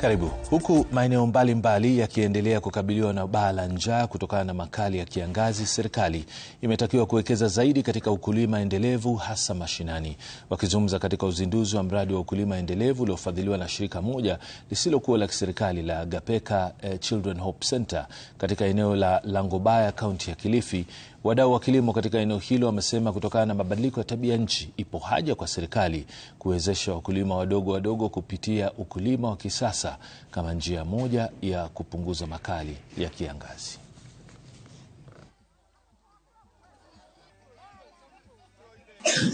Karibu. Huku maeneo mbalimbali yakiendelea kukabiliwa na baa la njaa kutokana na makali ya kiangazi, serikali imetakiwa kuwekeza zaidi katika ukulima endelevu hasa mashinani. Wakizungumza katika uzinduzi wa mradi wa ukulima endelevu uliofadhiliwa na shirika moja lisilokuwa la kiserikali la Gapeka eh, Children Hope Center katika eneo la Langobaya, kaunti ya Kilifi, wadau wa kilimo katika eneo hilo wamesema kutokana na mabadiliko ya tabia nchi, ipo haja kwa serikali kuwezesha wakulima wadogo wadogo kupitia ukulima wa kisasa sasa kama njia moja ya kupunguza makali ya kiangazi.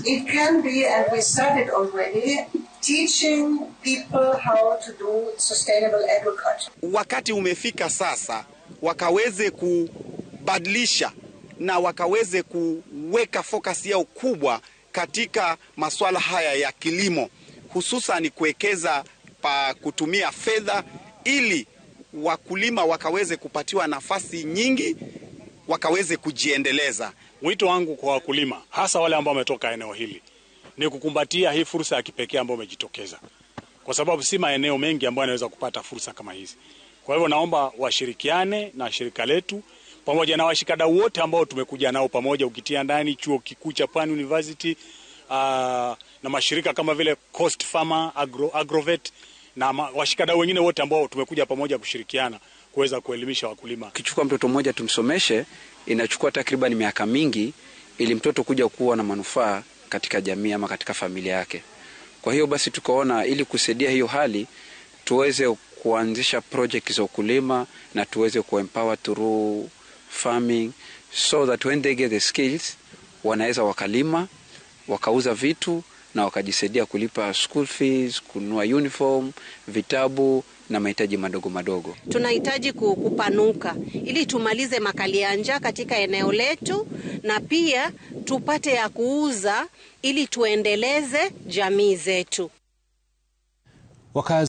It can be, and we started already, teaching people how to do sustainable agriculture. Wakati umefika sasa wakaweze kubadilisha na wakaweze kuweka focus yao kubwa katika masuala haya ya kilimo, hususan kuwekeza pa kutumia fedha ili wakulima wakaweze kupatiwa nafasi nyingi wakaweze kujiendeleza. Wito wangu kwa wakulima, hasa wale ambao wametoka eneo hili, ni kukumbatia hii fursa ya kipekee ambayo imejitokeza, kwa sababu si maeneo mengi ambayo yanaweza kupata fursa kama hizi. Kwa hivyo, naomba washirikiane na shirika letu pamoja na washikadau wote ambao tumekuja nao pamoja, ukitia ndani chuo kikuu cha Pan University uh, na mashirika kama vile Coast Farmer, Agro, Agrovet na washikadau wengine wote ambao tumekuja pamoja kushirikiana kuweza kuelimisha wakulima. kichukua mtoto mmoja tumsomeshe, inachukua takriban miaka mingi ili mtoto kuja kuwa na manufaa katika jamii ama katika familia yake. Kwa hiyo basi, tukaona ili kusaidia hiyo hali tuweze kuanzisha project za ukulima na tuweze kuempower through farming so that when they get the skills wanaweza wakalima wakauza vitu na wakajisaidia kulipa school fees, kununua uniform, vitabu na mahitaji madogo madogo. Tunahitaji kupanuka ili tumalize makali ya njaa katika eneo letu, na pia tupate ya kuuza ili tuendeleze jamii zetu Wakazi.